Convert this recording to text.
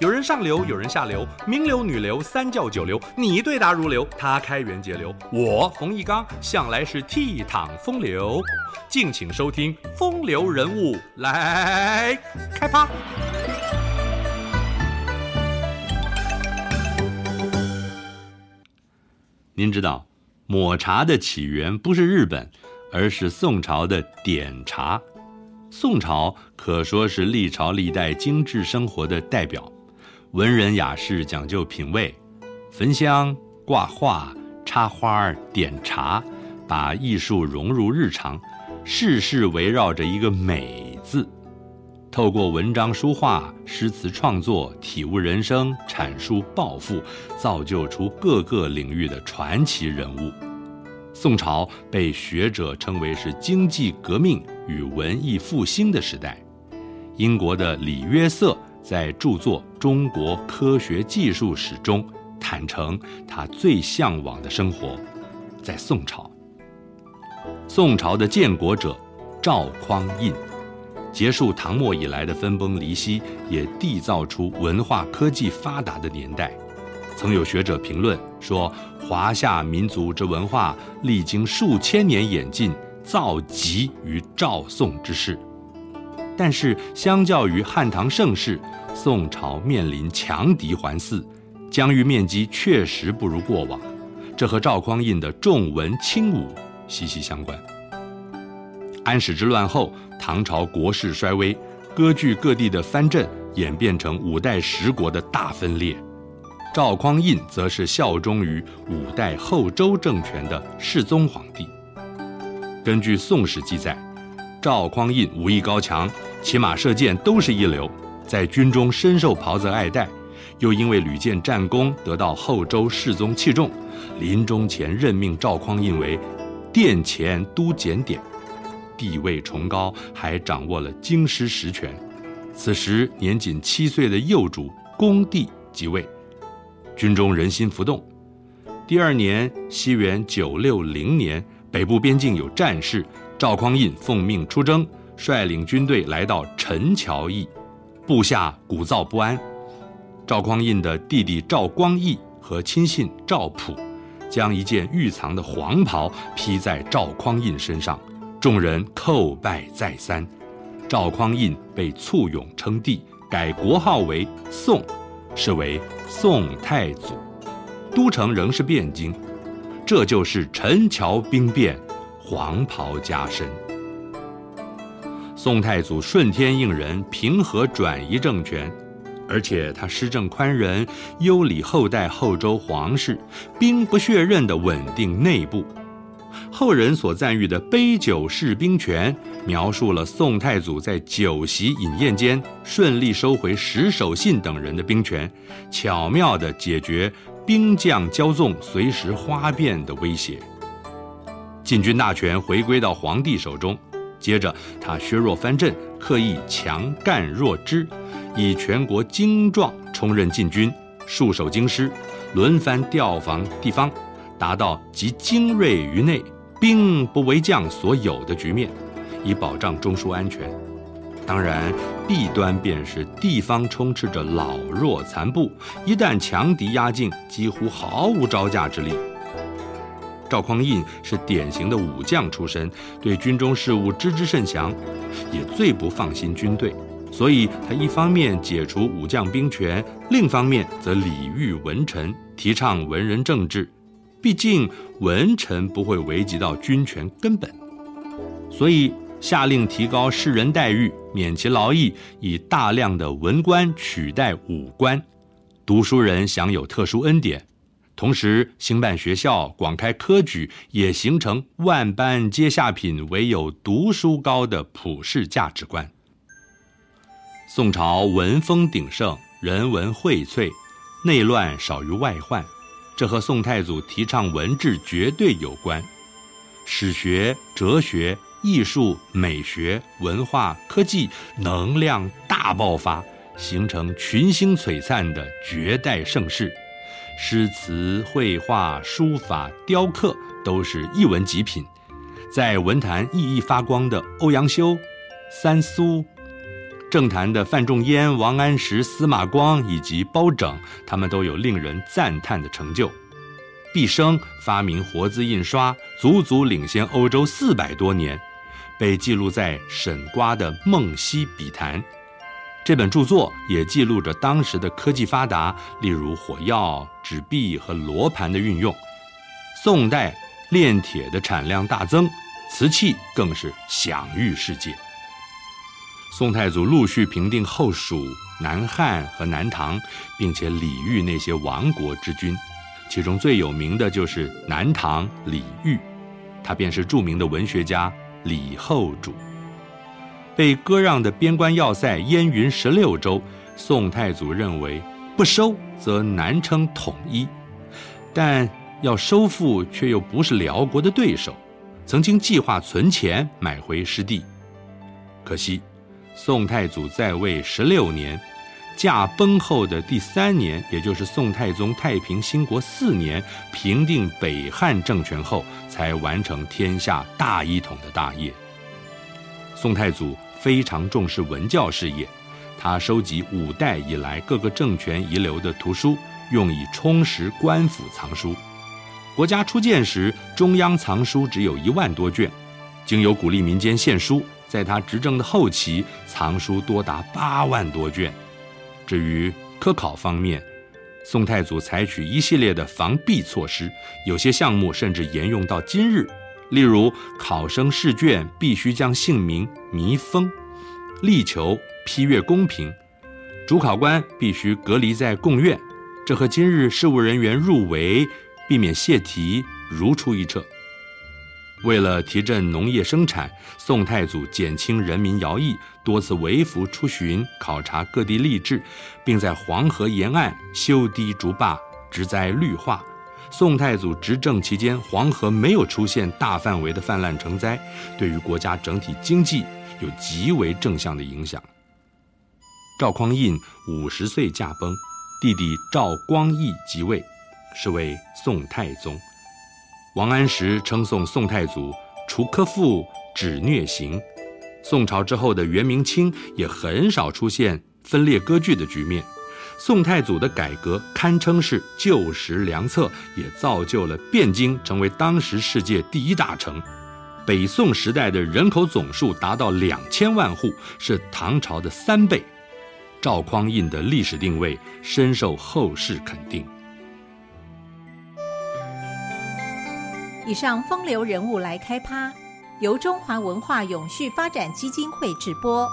有人上流，有人下流，名流、女流、三教九流，你對答如流，他開源節流。我馮翊綱向來是倜儻風流，敬請收聽《風流人物》來開趴。您知道，抹茶的起源不是日本，而是宋朝的點茶。宋朝可說是歷朝歷代精致生活的代表。文人雅士講究品味，焚香、掛畫、插花、點茶，把藝術融入日常，事事圍繞着一個“美”字。透過文章、書畫、詩詞創作，體悟人生，闡述抱負，造就出各個領域的傳奇人物。宋朝被學者稱為是經濟革命與文藝復興的時代。英國的李約瑟在著作。中國科學技術史中，坦誠他最向往的生活，在宋朝。宋朝的建國者趙匡胤，結束唐末以來的分崩離析，也締造出文化科技發達的年代。曾有學者評論說，華夏民族之文化歷經數千年演進，造極於趙宋之世。但是，相較於漢唐盛世。宋朝面臨強敵環伺，疆域面積確實不如過往，這和趙匡胤的重文輕武息息相關。安史之亂後，唐朝國勢衰微，割據各地的藩鎮演變成五代十國的大分裂。趙匡胤則是效忠於五代後周政權的世宗皇帝。根據《宋史》記載，趙匡胤武藝高強，騎馬射箭都是一流。在軍中深受袍澤愛戴，又因為屢建戰功，得到後周世宗器重。臨終前任命趙匡胤為殿前都點檢，地位崇高，還掌握了京師實權。此時年僅七歲的幼主恭帝即位，軍中人心浮動。第二年，西元九六零年，北部邊境有戰事，趙匡胤奉命出征，率領軍隊來到陳橋驛。部下鼓噪不安，趙匡胤的弟弟趙光義和親信趙普，將一件預藏的黃袍披在趙匡胤身上，眾人叩拜再三，趙匡胤被簇擁稱帝，改國號為宋，是為宋太祖，都城仍是汴京，這就是陳橋兵變，黃袍加身。宋太祖順天應人，平和轉移政權，而且他施政寬仁，優禮後代後周皇室，兵不血刃地穩定內部。後人所贊譽的“杯酒釋兵權”，描述了宋太祖在酒席飲宴間順利收回石守信等人的兵權，巧妙地解決兵將驕縱、隨時譁變的威脅，禁軍大權回歸到皇帝手中。接着，他削弱藩鎮，刻意強幹弱支，以全國精壯充任禁軍，戍守京師，輪番調防地方，達到集精銳於內，兵不為將所有的局面，以保障中樞安全。當然，弊端便是地方充斥着老弱殘部，一旦強敵壓境，幾乎毫無招架之力。趙匡胤是典型的武將出身，對軍中事務知之甚詳，也最不放心軍隊，所以他一方面解除武將兵權，另一方面則禮遇文臣，提倡文人政治。畢竟文臣不會危及到軍權根本，所以下令提高士人待遇，免其勞役，以大量的文官取代武官，讀書人享有特殊恩典。同時，興辦學校、廣開科舉，也形成“萬般皆下品，唯有讀書高”的普世價值觀。宋朝文風鼎盛，人文薈萃，內亂少於外患，這和宋太祖提倡文治絕對有關。史學、哲學、藝術、美學、文化、科技能量大爆發，形成群星璀璨的絕代盛世。詩詞、繪畫、書法、雕刻都是一文極品，在文壇熠熠發光的歐陽修、三蘇，政壇的范仲淹、王安石、司馬光以及包拯，他們都有令人讚嘆的成就。畢昇發明活字印刷，足足領先歐洲四百多年，被記錄在沈括的《夢溪筆談》。這本著作也記錄着當時的科技發達，例如火藥、紙幣和羅盤的運用。宋代煉鐵的產量大增，瓷器更是享譽世界。宋太祖陸續平定後蜀、南漢和南唐，並且禮遇那些亡國之君，其中最有名的就是南唐李煜，他便是著名的文學家李後主。被割讓的邊關要塞燕雲十六州，宋太祖認為不收則難稱統一，但要收復卻又不是遼國的對手，曾經計劃存錢買回失地，可惜，宋太祖在位十六年，駕崩後的第三年，也就是宋太宗太平興國四年，平定北漢政權後，才完成天下大一統的大業。宋太祖非常重視文教事業，他收集五代以來各個政權遺留的圖書，用以充實官府藏書。國家初建時，中央藏書只有一萬多卷，經由鼓勵民間獻書，在他執政的後期，藏書多達八萬多卷。至於科考方面，宋太祖採取一系列的防弊措施，有些項目甚至沿用到今日。例如，考生試卷必須將姓名密封，力求批閱公平；主考官必須隔離在貢院，這和今日事務人員入圍、避免泄題如出一轍。為了提振農業生產，宋太祖減輕人民徭役，多次微服出巡，考察各地吏治，並在黃河沿岸修堤築壩、植栽綠化。宋太祖執政期間，黃河沒有出現大範圍的泛濫成災，對於國家整體經濟有極為正向的影響。趙匡胤五十歲駕崩，弟弟趙光義即位，是為宋太宗。王安石稱頌宋太祖除苛賦，止虐刑。宋朝之後的元、明、清也很少出現分裂割據的局面。宋太祖的改革堪稱是救時良策，也造就了汴京成為當時世界第一大城。北宋時代的人口總數達到兩千萬戶，是唐朝的三倍。趙匡胤的歷史定位深受後世肯定。以上風流人物來開趴，由中華文化永續發展基金會直播。